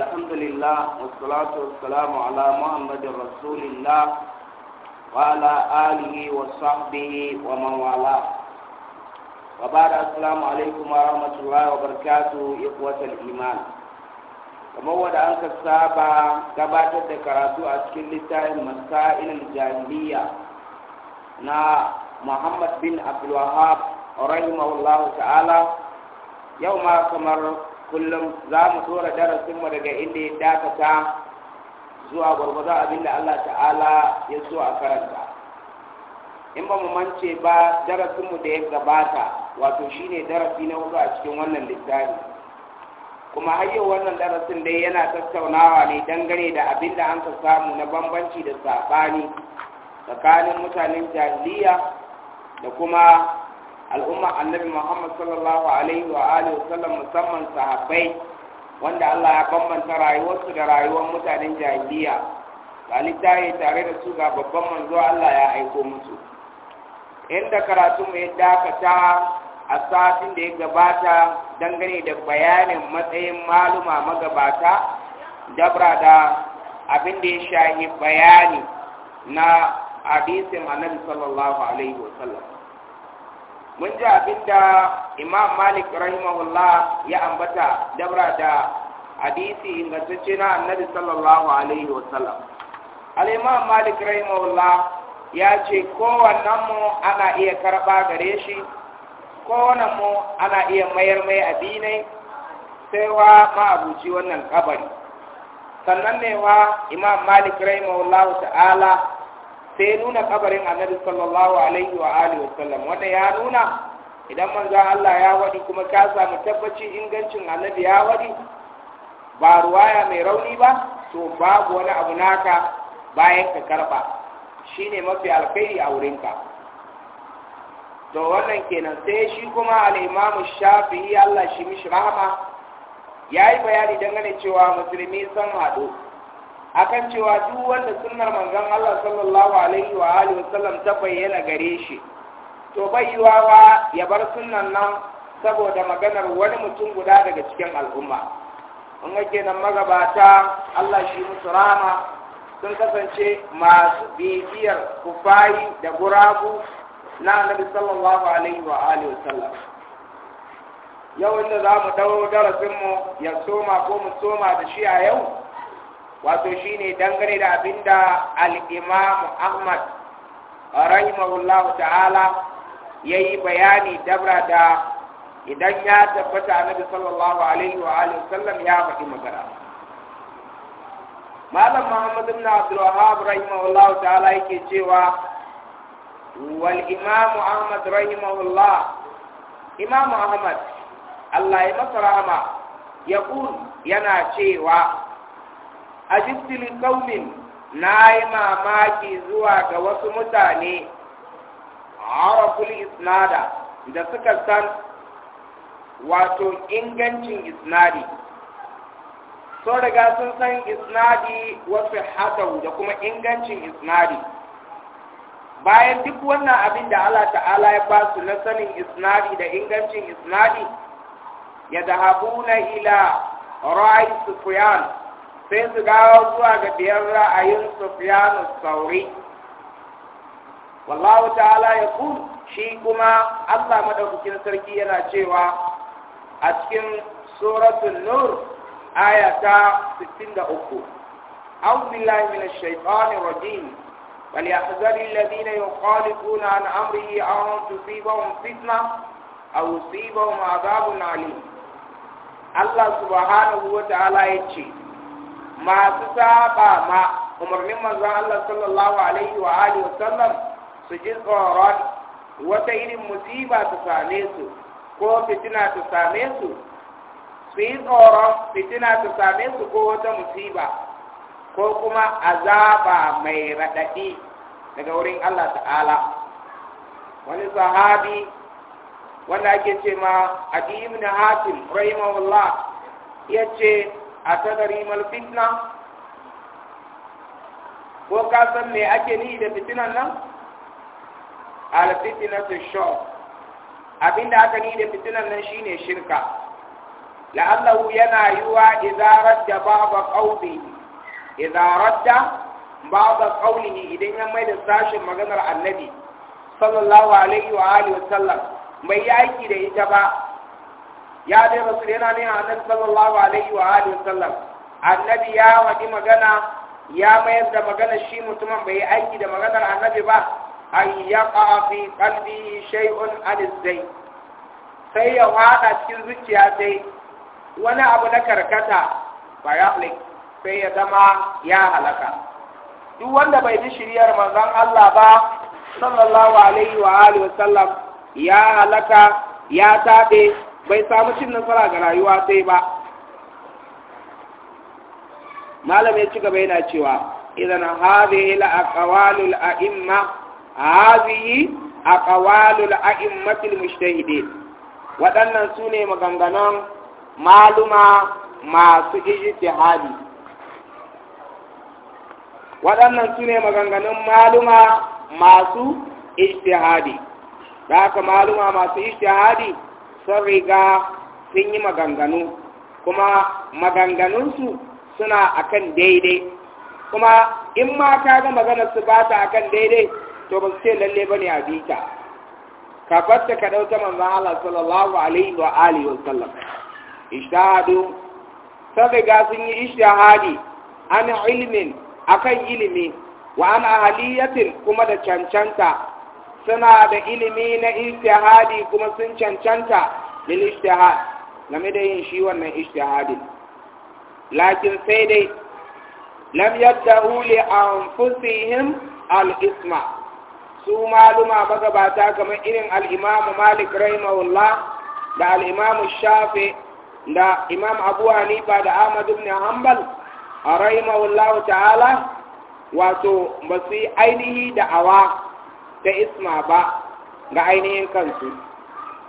الحمد لله والصلاة والسلام على محمد رسول الله وعلى آله وصحبه ومن والاه وبعد السلام عليكم ورحمة الله وبركاته إخوة الإيمان kamar wadda an ka saba gabatar da karatu a cikin littafin masailin jahiliya na muhammad bin abdulwahab rahimahullahu ta'ala yau ma kamar kullum za mu tsora darasinmu daga inda ya dakata zuwa gwargwadon abinda Allah ta'ala ya so a karanta in ba mu mance ba darasinmu da ya gabata wato shi shine darasi na hudu a cikin wannan littafi kuma har yau wannan darasin dai yana tattaunawa ne dangane da abinda an ka samu na bambanci da saɓani tsakanin mutanen jahiliya da kuma al'umma annabi Muhammad sallallahu alaihi wa alihi wasallam musamman sahabbai wanda Allah ya bambanta rayuwarsu da rayuwar mutanen jahiliya ga littafi tare da su ga babban manzo Allah ya aiko musu inda karatu mu ya dakata a satin da ya gabata dangane da bayanin matsayin maluma magabata dabra da abin da ya shahi bayani na hadisin annabi sallallahu alaihi wasallam mun ji abin da imam malik rahimahullah ya ambata dabra da hadisi ingantacce na annabi sallallahu alaihi wasallam al-imam malik rahimahullah ya ce kowannen mu ana iya karɓa gare shi kowannen mu ana iya mayar mai abinai sai wa ma'abuci wannan kabari sannan ne wa imam malik rahimahullah ta'ala sai ya nuna kabarin annabi sallallahu alaihi wa alihi wa sallam wanda ya nuna idan manzo Allah ya wadi kuma ka samu tabbacin ingancin annabi ya wadi ba ruwaya mai rauni ba to babu wani abu naka bayan ka karba shine mafi alkhairi a wurinka to wannan kenan sai shi kuma al-Imam Shafi'i Allah shi mishi rahama yayi bayani dangane cewa musulmi sun haɗu akan cewa duk wanda sunnar manzon Allah sallallahu alaihi wa alihi wasallam ta bayyana gare shi to bai yiwa ba ya bar sunnan nan saboda maganar wani mutum guda daga cikin al'umma in ga kenan magabata Allah shi musu rama sun kasance masu bibiyar kufayi da guragu na annabi sallallahu alaihi wa alihi wasallam yau inda za mu dawo darasinmu ya soma ko mu soma da shi a yau wato shine dangane da abinda da al’imamu Ahmad rahimahullahu ta'ala yi bayani dabra da idan ya tabbata annabi sallallahu alaihi wa alihi sallam ya faɗi magana malam Muhammad ibn Abdul Wahhab rahimahullahu ta'ala yake cewa wal Imam Ahmad rahimahullah Imam Ahmad Allah ya masa rahama yaqul yana cewa A ajibtu kaunin, na yi mamaki zuwa ga wasu mutane kuli isnada da suka san wato ingancin isnadi sun riga sun san isnadi wasu hatau da kuma ingancin isnadi bayan duk wannan abin da Allah ta'ala ya ba su na sanin isnadi da ingancin isnadi ya na ila ra'ayi sufiyan sai su gawo zuwa ga biyar ra'ayin sufiyanu sauri wallahu ta'ala ya ku shi kuma allah madaukakin sarki yana cewa a cikin suratun nur aya ta 63 a'udhu billahi minash shaitani rajim bal yahzaru alladhina yuqalifuna an amrihi aw tusibahum fitna aw yusibahum na alim allah subhanahu wa ta'ala yace masu saba ma umarnin manzon Allah sallallahu alaihi wa alihi wa su ji tsoron wata irin musiba ta same su ko fitina ta same su su yi tsoron fitina ta same su ko wata musiba ko kuma azaba mai raɗaɗi daga wurin Allah ta'ala wani sahabi wanda ake ce ma adi ibn hatim rahimahullah ya ce atadari mal fitna ko ka san me ake ni da fitinan nan al fitnatu shirk abinda aka ni da fitinan nan shine shirka la'annahu yana yuwa idza radda ba'da idan ya mai da sashin maganar annabi sallallahu alaihi wa wa bai yi aiki da ita ba ya dai rasul yana ne annabi sallallahu alaihi wa alihi sallam. annabi ya wadi magana ya mayar da magana shi mutumin bai aiki da maganar annabi ba ay yaqa fi qalbi shay'un alizai sai ya wada cikin zuciya sai wani abu na karkata bayaflik sai ya zama ya halaka duk wanda bai bi shiriyar manzon Allah ba sallallahu alaihi wa alihi sallam ya halaka ya tabe bai samu cin nasara ga rayuwa sai ba malam ya ci gaba yana cewa idan hadhihi la aqwalul a'imma hadhihi aqwalul a'immatil mujtahidin waɗannan su ne maganganun maluma masu ijtihadi waɗannan su ne maganganun maluma masu ijtihadi da haka maluma masu ijtihadi sun riga sun yi maganganu kuma maganganunsu suna akan daidai kuma in ma ka ga maganar su ba ta akan daidai to ba su ce lalle ba ne a bita ka fatta ka ɗauta manzan Allah sallallahu alaihi wa alihi wa sallam ishtahadu sun riga sun yi ishtahadi an ilmin akan ilimi wa an ahaliyatin kuma da cancanta suna da ilimi na istihadi kuma sun cancanta lil ijtihad game da yin shi wannan ijtihadin lakin sai dai lam yaddahu li anfusihim al isma su maluma magabata kamar irin al Malik malik rahimahullah da al shafi da imam abu hanifa da ahmad ibn hanbal rahimahullahu ta'ala wato ba su ainihi da awa ta isma ba ga ainihin kansu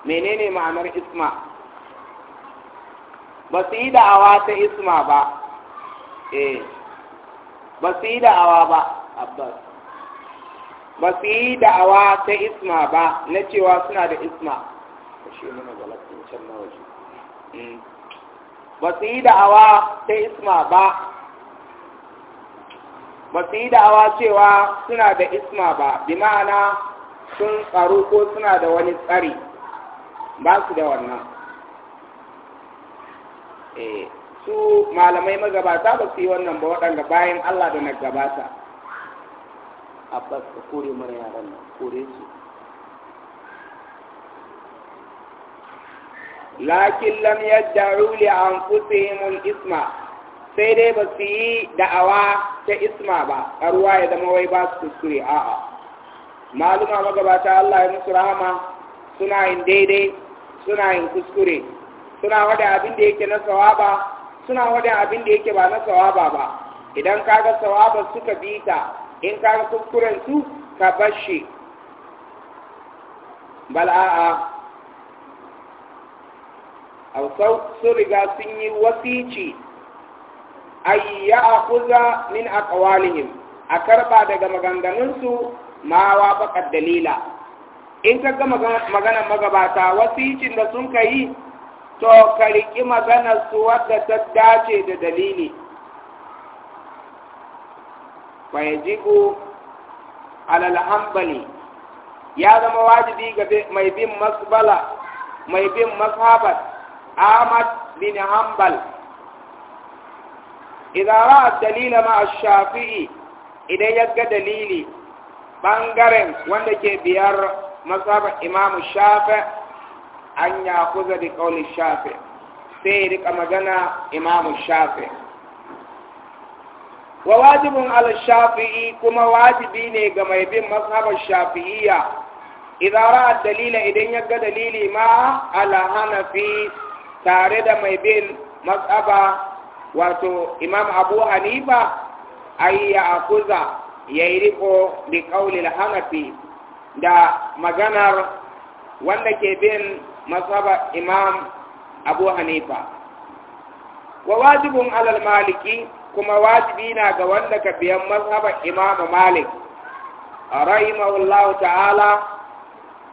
menene ma'anar isma ba su yi da'awa ta isma ba eh ba su yi da'awa ba abbas ba su yi da'awa ta isma ba na cewa suna da isma hmm. ba su yi da'awa ta isma ba ba su yi da'awa cewa suna da isma ba bi ma'ana sun tsaro ko suna da wani tsari ba su da wannan eh, su malamai magabata ba su yi wannan ba waɗanda bayan Allah da na gabata abbas ka kore mara yaran nan kore su lakin lam yadda ruli an kusa isma sai dai ba su yi da'awa ta isma ba a ruwa ya zama wai ba su kuskure a'a maluma magabata Allah ya musu rahama suna yin daidai suna yin kuskure suna wada abin da yake na sawaba suna wada abin da yake ba na sawaba ba idan kaga sawaba suka bi ta in kaga kuskuren su ka bashi bal a'a au sun riga sun yi wasici ay ya'khudha min aqwalihim a karba daga maganganunsu ma baka dalila in ka ga magana magabata wasicin da sun kai to ka riki maganar su wadda ta dace da dalili fa yajibu al hanbali ya zama wajibi ga mai bin masbala mai bin mashabat Ahmad bin Hanbal idan ra'a dalila ma shafi'i idan ya ga dalili bangaren wanda ke biyar masaba imamu shafi an ya kuza da kauli shafi sai ya rika magana imamu shafi wa wajibin al shafi'i kuma wajibi ne ga mai bin masabar shafi'iyya idan dalila idan ya ga dalili ma al hanafi tare da mai bin masaba wato imam abu hanifa ai ya akuza ya yi riko da kaulil hanafi da maganar wanda ke bin masaba imam abu hanifa wa wajibin alal maliki kuma wajibi na ga wanda ka biyan masaba imam malik rahimahullahu ta'ala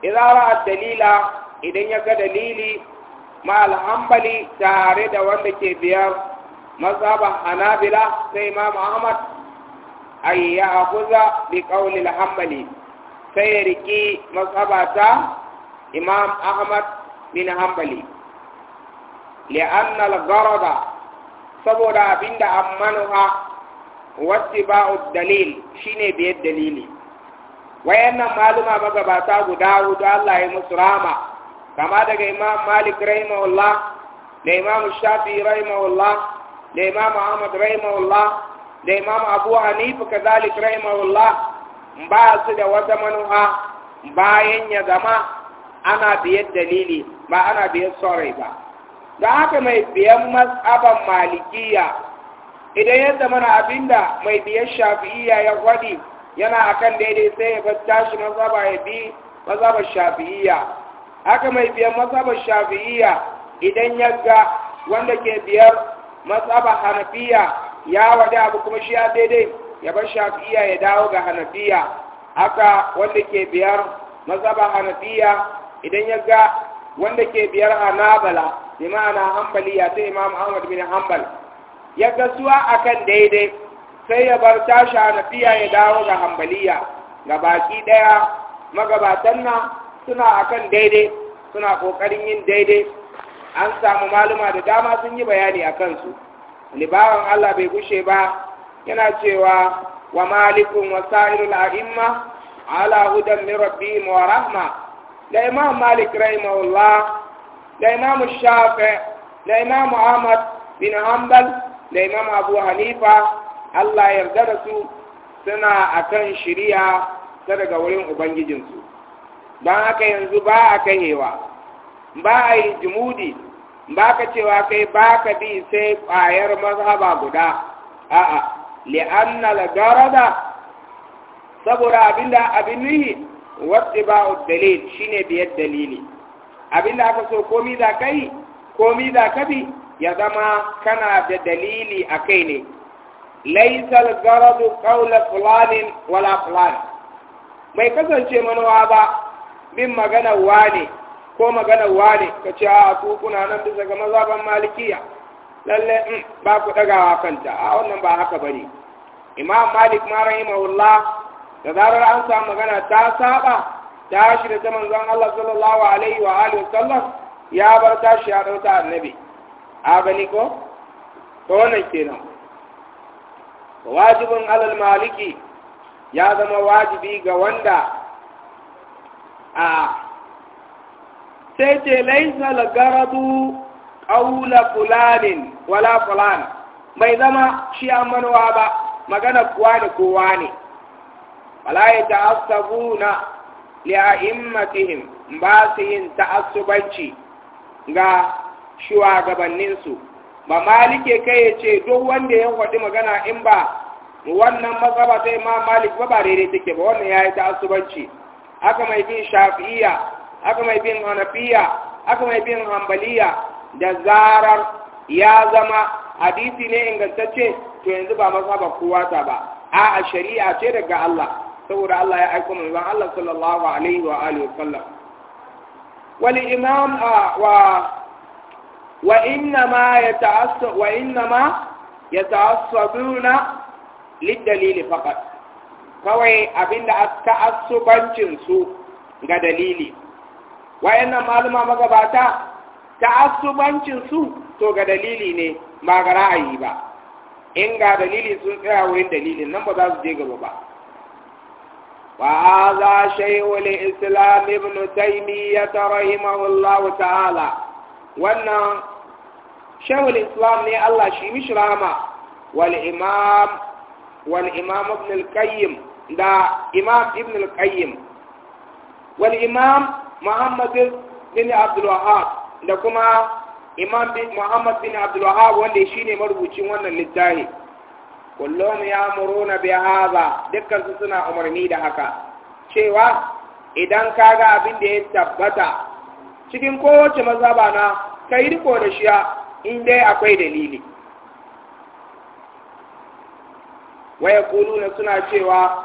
idan ra'a dalila idan ya ga dalili ma alhambali tare da wanda ke biyar مذهب حنابلة إمام أحمد أي يا يأخذ بقول الحنبلي سيركي مذهب أتا إمام أحمد من حنبلي لأن الغرض صبر بند أمانها واتباع الدليل شيني بيد الدليل وين معلومة مقبات أبو داود الله مسرامة كما دقى إمام مالك رحمه الله لإمام الشافعي رحمه الله da imamu ahmad rahimahullah da imamu hanifa kazalik rahimahullah ba su da wata manuha bayan ya zama ana biyar dalili ba ana biyar sarai ba da haka mai biyan matsaban malikiya idan ya mana abin da mai biyar shafi'iya ya gwadi yana akan daidai sai ya tashi mazaba ya bi shafi'iyya haka mai biyan mazhabar shafi'iyya idan ya wanda ke biyar matsaba hanafiya ya wada abu kuma shi ya daidai ya bar shafi'iya ya dawo ga hanafiya haka wanda ke biyar matsaba hanafiya idan ya ga wanda ke biyar hanabala bi ma'ana ya ta imam ahmad bin hanbal ya ga suwa akan daidai sai ya bar tashi hanafiya ya dawo ga hambaliya ga baki ɗaya magabatan na suna akan daidai suna ƙoƙarin yin daidai an samu maluma da dama sun yi bayani a kansu libawan Allah bai gushe ba yana cewa wa malikun wa sa'irul a'imma ala hudan min rabbihim wa rahma da imam malik rahimahullah da imam shafi da imam ahmad bin hanbal da imam abu hanifa Allah yarda da su suna akan shiriya ta daga wurin ubangijinsu don haka yanzu ba a kahewa ba a yi jimudi ba ka cewa kai ba ka bi sai ƙwayar mazhaba guda a'a li'anna la garada saboda abinda abin nihi wasu a dalil shine biyar dalili abinda aka so komi za ka yi komi za ka bi ya zama kana da dalili a kai ne laisal garadu qawla fulanin wala fulani. mai kasance manowa ba bin maganar wane ko maganar wane ka ce a ku kuna nan bisa ga mazaban malikiya lalle in mm, ba ku dagawa kanta a wannan ba haka ba ne. imam malik ma rahimahullah da zarar an samu magana ta saba ta shi da zaman zan Allah sallallahu alaihi wa alihi sallam ya bar ta shi ya dauta annabi a gani ko to wannan kenan wajibin alal maliki ya zama wajibi ga wanda a sai ce laisa garadu ƙaula fulanin wala fulan mai zama shi an manuwa ba magana kuwa da kowa ne wala ya ta'assabu na li'a'immatihim ba su yin ta'assubanci ga shugabanninsu ba malike kai ya ce duk wanda ya faɗi magana in ba wannan mazaba sai ma malik ba ba daidai take ba wannan yayi ta'assubanci haka mai bin shafi'iyya aka mai bin hanafiya aka mai bin hambaliya da zarar ya zama hadisi ne ingantacce to yanzu ba ba kowa ta ba a shari'a ce daga Allah saboda Allah ya aiko mai ban Allah sallallahu alaihi wa alihi wasallam wal imam wa wa inna ma yata'assa wa inna ma yata'assabuna lidalili faqat kawai abinda ta'assubancin su ga dalili wayannan maluma magabata ta'assubancin su to ga dalili ne ba ga ra'ayi ba in ga dalili sun tsaya wurin dalilin nan ba za su je gaba ba wa hadha shay'u li islam ibn taymiyyah rahimahullahu ta'ala wannan shay'u islam ne Allah shi mishrama wal imam wal imam ibn al-qayyim da imam ibn al-qayyim wal imam Muhammad bin Abdul Wahab da kuma Imam bin Muhammad bin Abdul Wahab wanda shine marubucin wannan littafi kullum muruna bi hada dukkan su suna umarni da haka cewa idan kaga abin da ya tabbata cikin kowace mazhaba na kai riko da shiya in dai akwai dalili waya kuluna suna cewa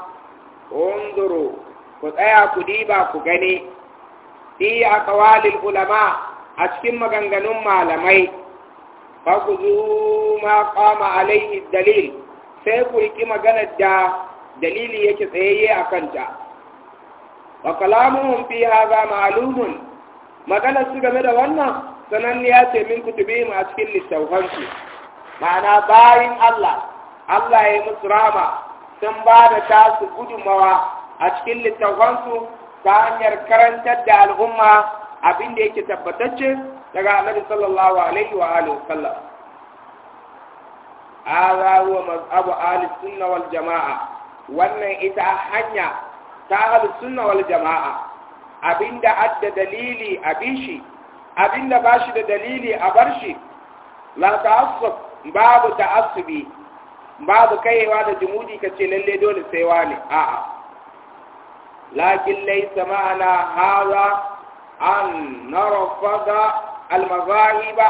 unzuru ku tsaya ku diba ku gane fi kawalin ulama a cikin maganganun malamai fa ku zu ma qama alaihi dalil sai ku riki maganar da dalili yake tsayayye a kanta wa kalamuhum fi hadha ma'lumun Maganar su game da wannan ya ce min mu a cikin littaufansu ma'ana bayan Allah Allah ya yi musu rama sun ba da tasu gudunmawa a cikin littafansu. ta hanyar karantar da al'umma abin da yake tabbatacce daga annabi sallallahu alaihi wa alihi sallam hadha huwa mazhabu ahli sunna wal jamaa wannan ita hanya ta ahli sunna wal jamaa abinda adda dalili abin shi abinda bashi da dalili a bar shi la ta'assub babu ta'assubi babu kaiwa da jumudi kace lalle dole sai wani a'a lakin laisa ma'ana haza an almazahi ba.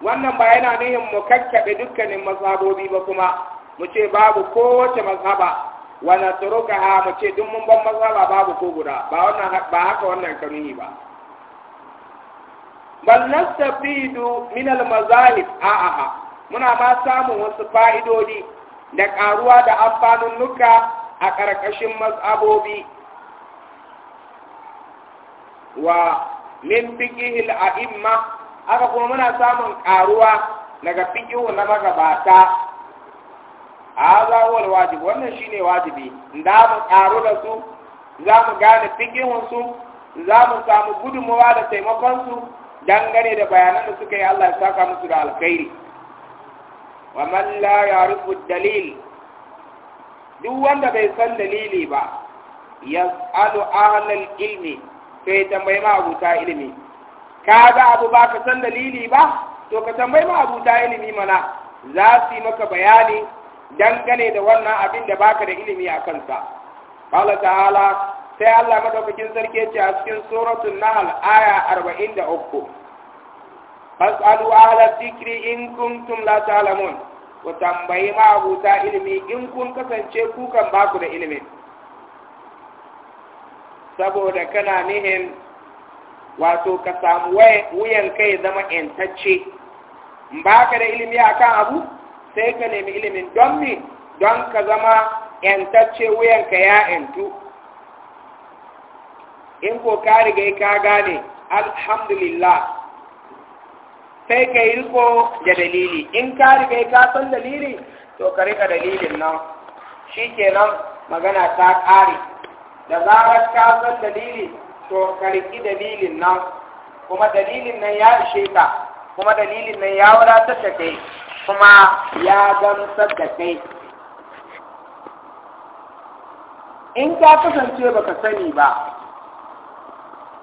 wannan ba yana nuhin mu kakkabe dukkanin mazhabobi ba kuma mu ce babu kowace mazhaba turuka ha mu ce duk mun ban mazhaba babu ko guda ba wannan ba haka wannan kanuni ba bal nastafidu min almazahib a a muna ma samun wasu fa'idodi da karuwa da amfanin nuka a ƙarƙashin mazhabobi wa min fiqhil a'imma aka kuma muna samun karuwa daga fiqhu na magabata hadha huwa alwajib wannan shine wajibi da mu karu da su za mu gane fiqhun su za mu samu gudunmuwa da taimakon su dangane da bayanan da suka yi Allah ya saka musu da alkhairi wa man la ya'rifu dalil duk wanda bai san dalili ba yas'alu ahlal ilmi sai tambayi ma abuta ilimi ka ga abu ba ka san dalili ba to ka tambayi ma abuta ilimi mana za su yi maka bayani dangane da wannan abin da baka da ilimi a kansa qala ta'ala sai Allah madaukakin sarki ce a cikin suratul nahl aya 43 fas'alu ahla dhikri in kuntum la ta'lamun ku tambayi ma abuta ilimi in kun kasance kukan kan baku da ilimin saboda kana nihin wato ka samu wuyan kai zama ‘yantacce ba ka da ilimi a kan abu sai ka nemi ilimin don mi don ka zama ‘yantacce ka ya ‘yantu in ko ka riga ka gane alhamdulillah sai ka yi riko da dalili in ka riga ka san dalili to ka rika dalilin nan shi kenan magana ta ƙare da zarar ka san dalili to ka riki dalilin nan kuma dalilin nan ya ishe ka kuma dalilin nan ya wadatar da kai kuma ya gamsar da kai in ka kasance baka sani ba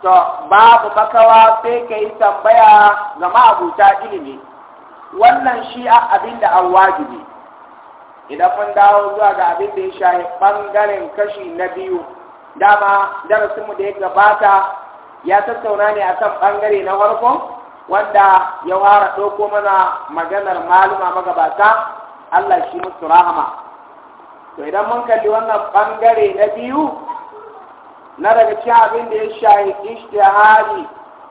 to babu makawa sai ka yi tambaya ga ma'abuta ilimi wannan shi abin da an wajibi idan mun dawo zuwa ga abin da ya shahi ɓangaren kashi na biyu dama darasinmu da ya gabata ya tattauna ne a kan ɓangare na farko wanda ya fara ɗauko mana maganar maluma magabata Allah shi musu rahama to idan mun kalli wannan ɓangare na biyu na daga cikin abin da ya shayi ishtihari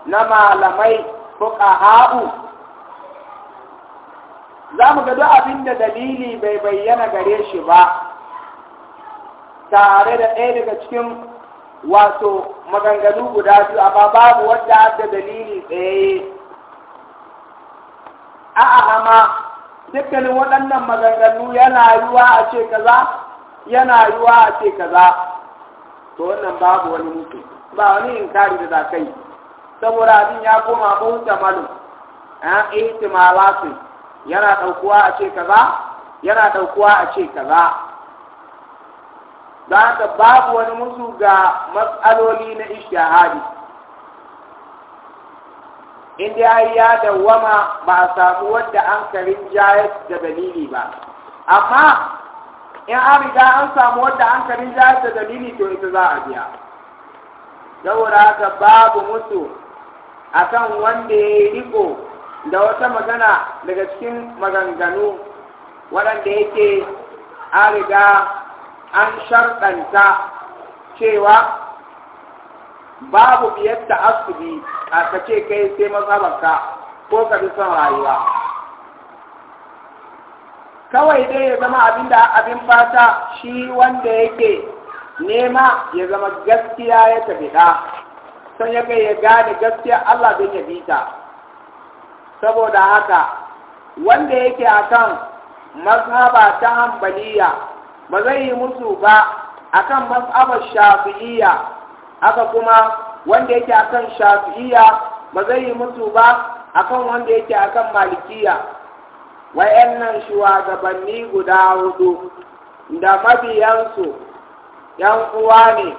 na malamai fuqaha'u za mu ga duk abin da dalili bai bayyana gare shi ba tare da ɗaya daga cikin wato maganganu guda biyu amma babu wadda da dalili tsaye a amma dukkanin waɗannan maganganu yana yiwa a ce kaza yana yiwa a ce kaza to wannan babu wani mutu ba wani in kari da za kai saboda abin ya koma bauta malu an ihtimalatin yana ɗaukuwa a ce kaza yana ɗaukuwa a ce kaza da haka babu wani musu ga matsaloli na ishtihadi in dai ya dawama ba a samu wadda an karin jayar da dalili ba amma in an riga an samu wadda an karin jayar da dalili to ita za a biya saboda haka babu musu kan wanda ya yi riko da wata magana daga cikin maganganu waɗanda yake a riga an sharɗanta cewa babu biyar da asubi a kace kai sai mazabarka ko ka bi son rayuwa kawai dai ya zama abin da abin fata shi wanda yake nema ya zama gaskiya ya tafi da son ya kai ya gane gaskiya Allah don ya bi ta saboda haka wanda yake akan mazhaba ta hambaliya ba zai yi mutu ba akan mas'abar shafi'iyya haka kuma wanda yake akan shafi'iyya ba zai yi mutu ba akan wanda yake akan malikiya wayannan shugabanni guda hudu da mabiyansu yan uwa ne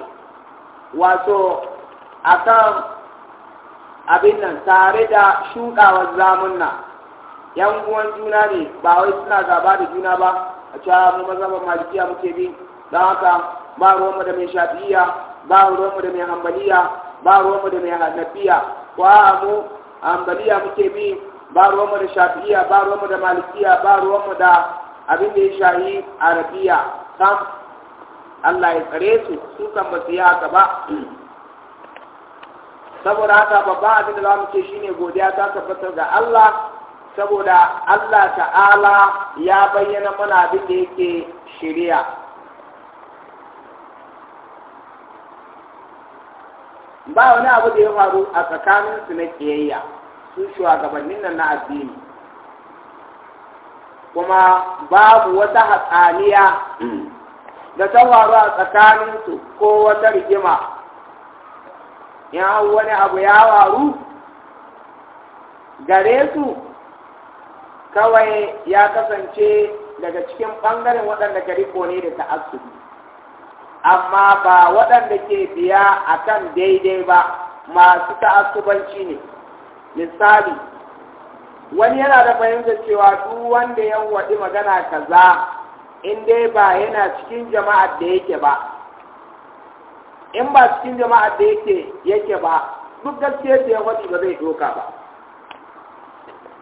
wato akan abin nan tare da shuɗawar zamunna yan uwan juna ne ba wai suna gaba da juna ba a ca mu mazhaban malikiya muke bi don haka ba mu da mai shafiya, ba mu da mai hambaliya ba mu da mai hanafiya ko a mu hambaliya muke bi ba mu da shafiya, ba mu da malikiya ba mu da abin da ya shahi arabiya sam Allah ya tsare su su kan ba su yi haka ba saboda haka babban abin da za mu ce shine godiya ta tabbatar ga Allah saboda Allah ta'ala ya bayyana mana abin da yake shirya ba wani abu da ya faru a tsakaninsu na kiyayya su shugabannin nan na addini kuma babu wata hatsaniya da ta faru a tsakaninsu ko wata rigima ya wani abu ya faru gare su kawai ya kasance daga cikin ɓangaren waɗanda ka riko ne da ta'assubi amma ba waɗanda ke biya a kan daidai ba masu ta'assubanci ne misali wani yana da fahimtar cewa duk wanda ya waɗi magana kaza in dai ba yana cikin jama'ar da yake ba in ba cikin jama'ar da yake yake ba duk gaskiyar da ya waɗi ba zai doka ba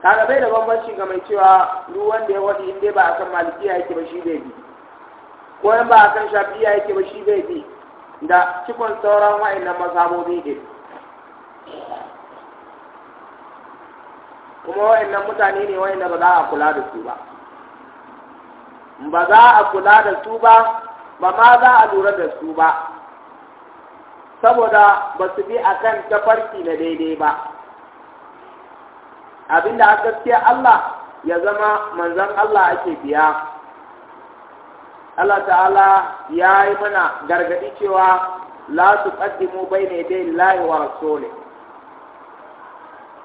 kaga bai da bambanci ga mai cewa duk wanda ya wadi inda ba ba akan malikiya yake ba shi bai bi ko in ba kan shafiya yake ba shi bai bi da cikon sauran wa'annan mazhabobi din kuma wa'annan mutane ne wa'anda ba za a kula da su ba ba za a kula da su ba ba ma za a lura da su ba saboda ba su bi akan tafarki na daidai ba abinda aka ce Allah ya zama manzan Allah ake biya Allah ta'ala ya yi mana gargadi cewa la su bai ne dai Allah wa rasuli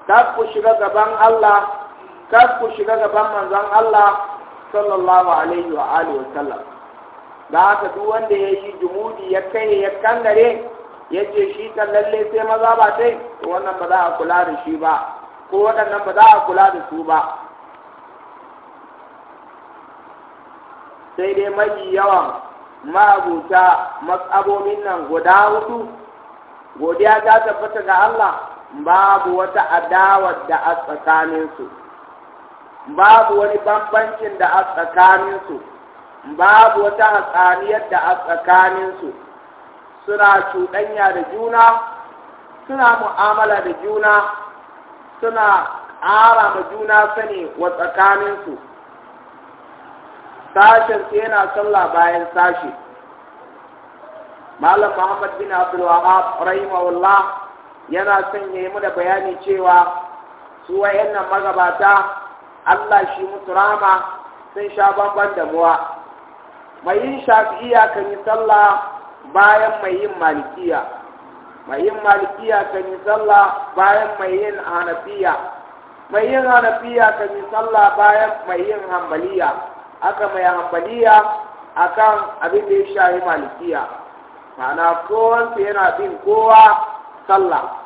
kar ku shiga gaban Allah kar ku shiga gaban manzan Allah sallallahu alaihi wa alihi wa sallam da haka duk wanda ya yi jumudi ya kai ya kangare ya ce shi ta lalle sai maza ba sai, wannan ba za a kula da shi ba ko waɗannan ba za a kula da su ba sai dai mafi yawan mabuta matsabomin nan guda hudu godiya ta tabbata ga Allah babu wata adawar da a tsakaninsu babu wani bambancin da a tsakaninsu babu wata hatsaniyar da a tsakaninsu suna cuɗanya da juna suna mu'amala da juna suna ƙara ma juna sani wa tsakaninsu sashen su yana sallah bayan sashi malam muhammad bin abdul wahab rahimahullah yana son ya yi mu da bayani cewa su wayannan magabata Allah shi musu rama sun sha bamban da muwa mai yin shafi'iya kan yi sallah bayan mai yin malikiya mai yin malikiya ka yi sallah bayan mai yin hanafiya mayin hanafiya ka ni sallah bayan mai yin hambaliya aka mai hanbaliya akan abin da ya malikiya ma'ana kowansu yana bin kowa sallah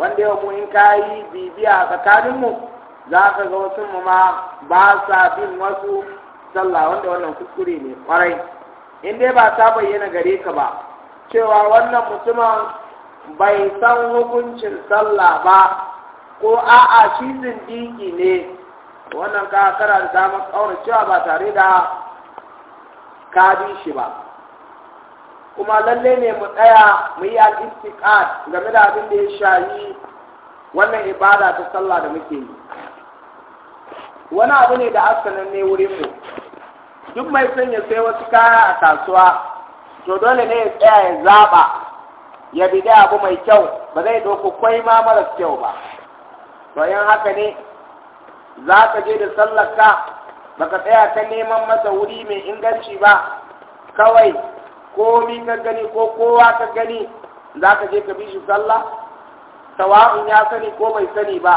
wanda yau mun kayi bibiya a mu za ka ga wasu mu ma ba sa bin wasu sallah wanda wannan kuskure ne kwarai in dai ba ta bayyana gare ka ba cewa wannan mutumin bai san hukuncin sallah ba ko a'a shi zindiki ne wannan ka kara da damar cewa ba tare da ka bi shi ba kuma lalle ne mu tsaya mu yi al-istiqad game da abin da ya shayi wannan ibada ta sallah da muke yi wani abu ne da asalin ne wurin mu duk mai sanya sai wasu kaya a kasuwa to dole ne ya tsaya ya zaba ya bi da abu mai kyau ba zai ɗauko kwai ma maras kyau ba to yin haka ne za ka je da sallarka ba ka tsaya ta neman masa wuri mai inganci ba kawai ko min ka gani ko kowa ka gani za ka je ka bi shi sallah tawa'un ya sani ko bai sani ba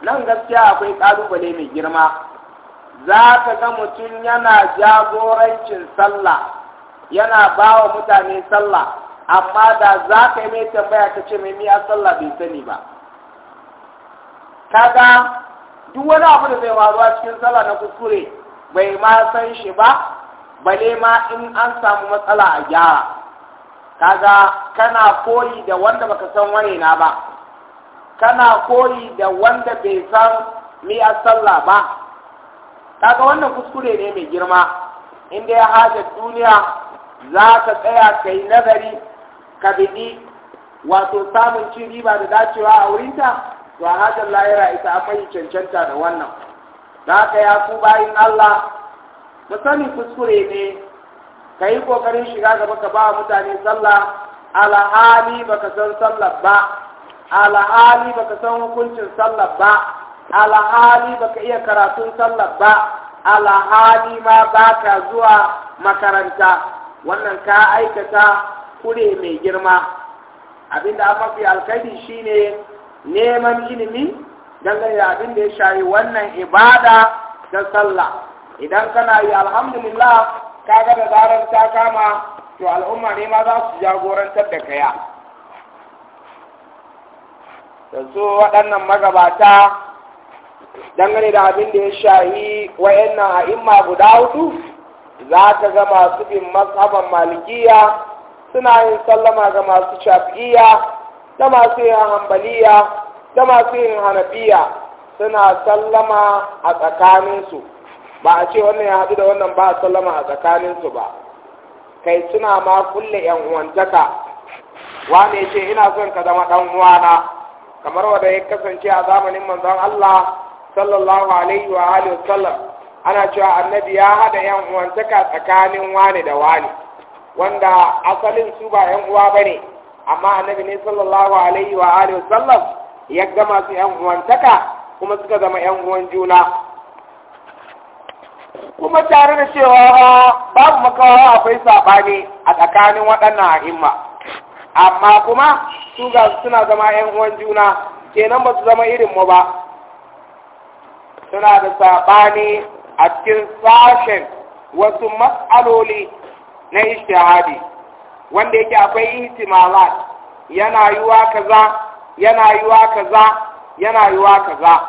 nan gaskiya akwai ƙalubale mai girma za ka ga mutum yana jagorancin sallah yana ba wa mutane sallah amma da za ka yi mai tambaya ka ce mai miya sallah bai sani ba kaga duk wani abu da zai faruwa cikin sallah na kuskure bai ma san shi ba bale ma in an samu matsala a gyara kaga kana koyi da wanda baka san wane na ba kana koyi da wanda bai san miya sallah ba kaga wannan kuskure ne mai girma inda ya hajar duniya za ka tsaya ka yi nazari ka bidi wato samun cin riba da dacewa a wurinta to a hajjar lahira ita akwai cancanta da wannan Za ka ya ku bayin Allah mu sani kuskure ne ka yi ƙoƙarin shiga gaba ka ba mutane sallah alhali ka san sallah ba alhali ka san hukuncin sallah ba alhali ka iya karatun sallah ba alhali ma ba ka zuwa makaranta wannan ka aikata kure mai girma abinda an mafi alkhairi shine neman ilimi dangane da abin da ya shayi wannan ibada da sallah idan kana yi alhamdulillah ka ga da zarar ta kama to al'umma ne ma za su jagorantar da kaya da su waɗannan magabata dangane da abin da ya shayi wayannan a'imma guda hudu za ka ga masu bin mazhaban malikiya suna yin sallama ga masu shafi'iya da masu yin hambaliya da masu yin hanafiya suna sallama a tsakaninsu ba a ce wannan ya haɗu da wannan ba a sallama a tsakaninsu ba kai suna ma kulle yan uwantaka wane ce ina son ka zama ɗan uwana kamar wanda ya kasance a zamanin manzon Allah sallallahu alaihi wa alihi sallam ana cewa annabi ya hada yan uwantaka tsakanin wani da wani wanda asalin su ba yan uwa bane amma annabi ne sallallahu alaihi wa alihi sallam ya gama su yan uwantaka kuma suka zama yan uwan juna kuma tare da cewa babu makawa akwai sabani a tsakanin waɗannan himma amma kuma su ga suna zama yan uwan juna kenan ba su zama irin mu ba suna da sabani a cikin sashen wasu matsaloli na ishtihadi wanda yake akwai ihtimalat yana yiwa kaza yana yiwa kaza yana yiwa kaza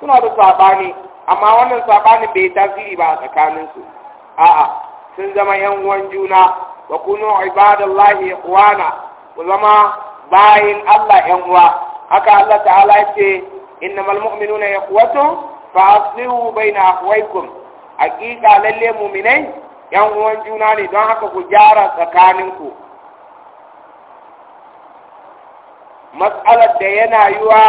suna da saɓani, amma wannan sabani bai tasiri ba tsakanin su. a'a sun zama yan uwan juna wa kunu ibadallahi ikhwana ku zama bayin Allah yan uwa haka Allah ta'ala ya ce innamal mu'minuna ikhwatun fa aslihu baina akhwaykum haqiqa lalle mu'minai yan uwan juna ne don haka ku gyara tsakanin ku Matsalar da yana yiwa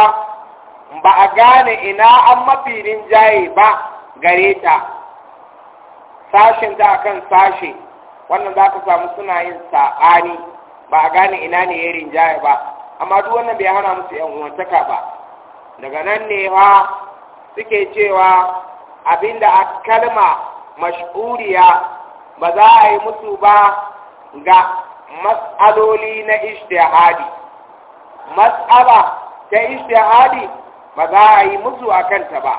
ba a gane ina an mafi rinjaye ba gare ta sashen ta akan sashe wannan za ka samu suna yin saɓani ba a gane ina ne ya rinjaye ba amma duk wannan bai hana musu yan uwantaka ba daga nan ne ha suke cewa abinda a kalma mashuriya ba za a yi mutu ba ga matsaloli na ishtihadi matsala ta ishtihadi ba za a yi mutu a kanta ba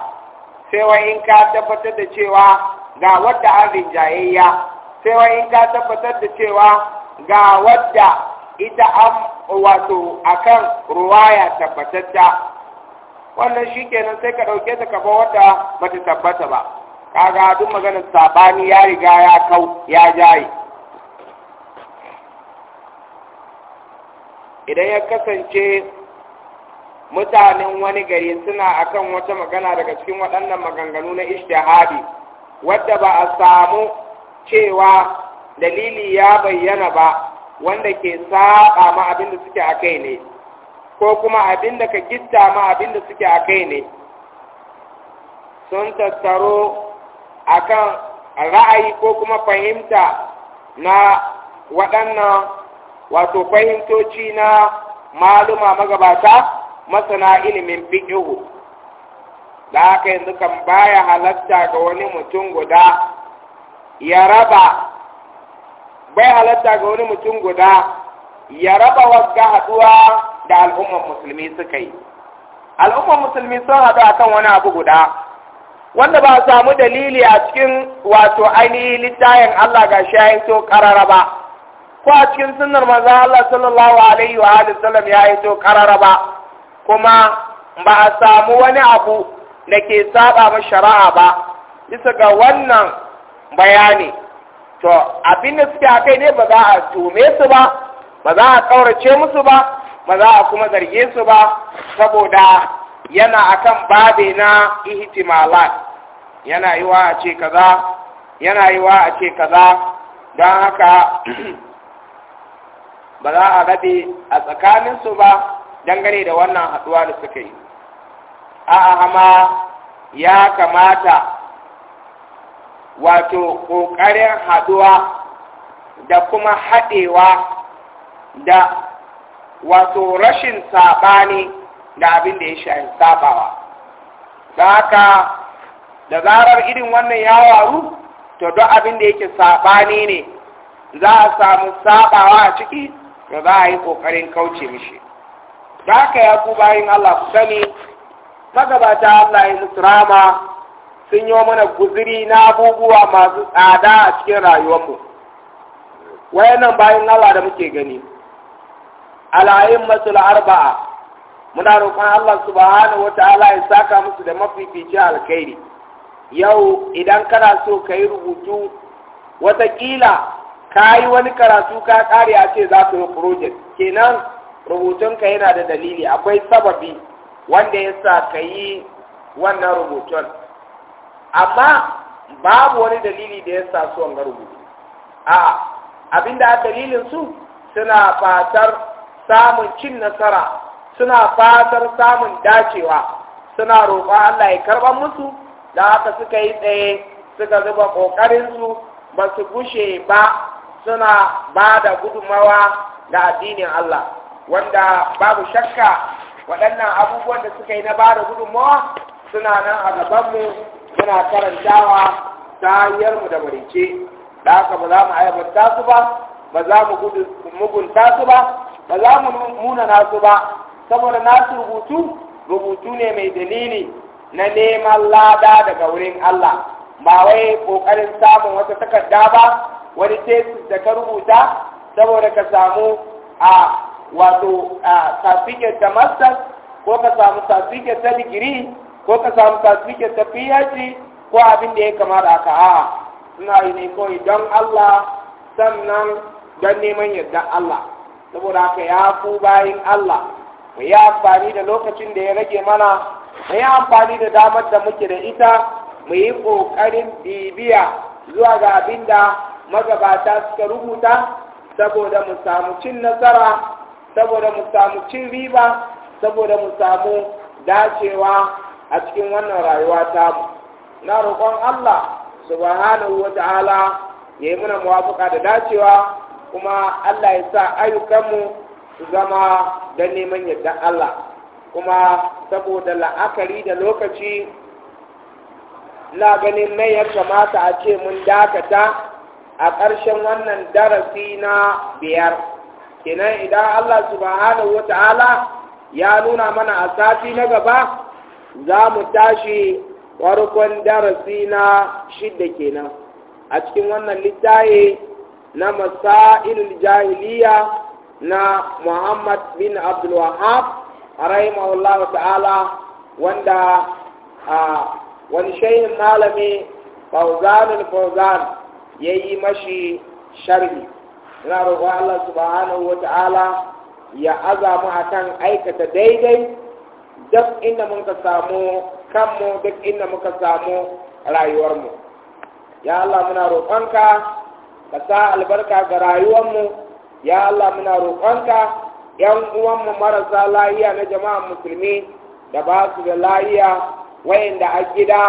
sai wa in ka tabbatar da cewa ga wadda an rinjayayya sai wa in ka tabbatar da cewa ga wadda ita an wato akan ruwaya tabbatatta wannan shi kenan sai ka ɗauke ta ka wadda ba ta tabbata ba kaga duk maganar sabani ya riga ya kau ya jaye idan ya kasance mutanen wani gari suna akan wata magana daga cikin waɗannan maganganu na ishtihadi wadda ba a samu cewa dalili ya bayyana ba wanda ke saba ma abin suke a kai ne ko kuma abin da ka gitta ma abin da suke a kai ne sun tattaro akan ra'ayi ko kuma fahimta na waɗannan wato fahimtoci na maluma magabata masana ilimin fiƙihu da aka yanzu kan baya halatta ga wani mutum guda ya raba bai halatta ga wani mutum guda ya raba wasu haɗuwa da al'ummar musulmi suka yi al'ummar musulmi sun haɗu a kan wani abu guda wanda ba a samu dalili a cikin wato ainihi littayin Allah ga shi ya to karara ba ko a cikin sunnar manzo Allah sallallahu alaihi wa alihi sallam ya to karara ba kuma ba a samu wani abu da ke saba ma shari'a ba bisa ga wannan bayani to abin da suke akai ne ba za a tume su ba ba za a kaurace musu ba ba za a kuma zarge su ba saboda yana akan babe na ihtimalat yana yiwa a ce kaza yana yiwa a ce kaza don haka ba za a rabe a tsakanin su ba dangane da wannan haduwa da suka yi a'a hama ya kamata wato ƙoƙarin haduwa da kuma haɗewa da wato rashin saɓani da abin da ya shahi saɓawa da haka da zarar irin wannan ya waru to duk abin da yake saɓani ne za a samu saɓawa a ciki to za a yi ƙoƙarin kauce mishi da haka ya ku bayan Allah ku sani magabata Allah ya musu sun yi mana guziri na abubuwa masu tsada a cikin rayuwarmu wayannan bayan Allah da muke gani alayin masu arba'a muna roƙon Allah subhanahu wata ta'ala ya saka musu da mafifici alkhairi yau idan kana so ka yi rubutu watakila ka yi wani karatu ka ƙare a ce za ka yi project kenan rubutunka yana da dalili akwai sababi wanda ya sa ka yi wannan rubutun amma babu wani dalili da ya sa su ga rubutu a abinda a dalilin su suna fatar samun cin nasara suna fatar samun dacewa suna roƙon Allah ya karɓar musu da haka suka yi tsaye suka zuba ƙoƙarinsu ba su gushe ba suna ba da gudunmawa ga addinin Allah wanda babu shakka waɗannan abubuwan da suka yi na ba da gudunmawa suna nan a gabanmu suna karantawa ta hanyarmu da marice da haka ba za mu aibanta su ba ba za mu mugunta su ba ba za mu nuna nasu ba saboda nasu rubutu rubutu ne mai dalili na neman lada daga wurin Allah ba wai kokarin samun wata takarda ba wani tesis da ka rubuta saboda ka samu a wato certificate ta master ko ka samu certificate ta digiri ko ka samu certificate ta phd ko abin da ya kamata aka a suna yi ne kawai don Allah sannan don neman yarda Allah saboda haka ya ku bayin Allah mu yi amfani da lokacin da ya rage mana mu yi amfani da damar da muke da ita mu yi ƙoƙarin bibiya zuwa ga abin da magabata suka rubuta saboda mu samu cin nasara saboda mu samu cin riba saboda mu samu dacewa a cikin wannan rayuwa tamu na roƙon Allah subhanahu wa ta'ala ya yi muna muwafuka da dacewa kuma Allah ya sa ayyukanmu su zama don neman yadda Allah kuma saboda la'akari da lokaci na ganin mai ya kamata a ce mun dakata a ƙarshen wannan darasi na biyar kenan idan Allah subhanahu wata'ala ya nuna mana a sati na gaba za mu tashi farkon darasi na shidda kenan a cikin wannan littaye na masailul jahiliya na Muhammad bin Abdul Wahab rahimahullah ta'ala wanda a wani shehin malami Fauzanul Fauzan yayi mashi sharhi ina roƙon Allah subhanahu wa ta'ala ya azamu akan aikata daidai duk inda muka samu kanmu duk inda muka samu rayuwarmu ya Allah muna roƙonka ka sa albarka ga rayuwarmu ya Allah muna roƙonka yan uwanmu marasa lahiya na jama'a musulmi da ba su da lahiya wayanda a gida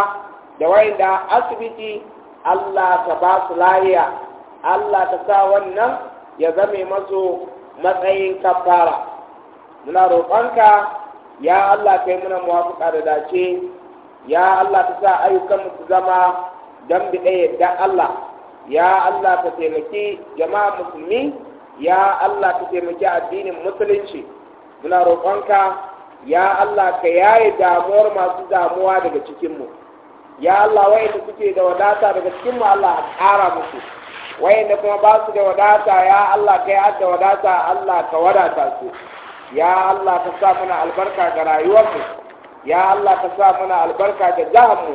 da wayanda asibiti Allah ka ba su lahiya Allah ka sa wannan ya zame masu matsayin kafara muna roƙonka ya Allah ka yi muna muwafuka da dace ya Allah ka sa ayyukan su zama don ɗaya da Allah ya Allah ka taimaki jama'a musulmi ya Allah ka taimaki addinin musulunci muna roƙonka ya Allah ka yaye damuwar masu damuwa daga cikinmu ya Allah wayanda suke da wadata daga cikinmu Allah a ƙara musu wayanda kuma ba su da wadata ya Allah ka yi da wadata Allah ka wadata su ya Allah ka sa muna albarka ga rayuwarmu ya Allah ka sa muna albarka ga jahanmu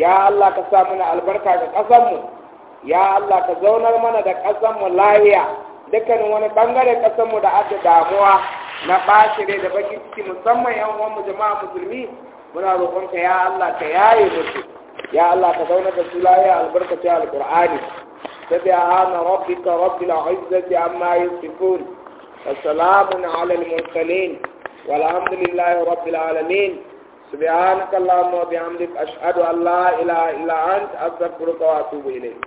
ya Allah ka sa muna albarka ga ƙasarmu ya Allah ka zaunar mana da ƙasarmu lahiya dukkanin wani bangare ƙasarmu da aka damuwa na ɓacire da bakin ciki musamman yan uwanmu jama'a musulmi muna roƙonka ya Allah ka yaye musu ya Allah ka zaunar da su lahiya albarkaci alƙur'ani سبحان ربك رب العزة عما يصفون وسلام على المرسلين والحمد لله رب العالمين سبحانك اللهم وبحمدك أشهد أن لا إله إلا أنت أستغفرك وأتوب إليك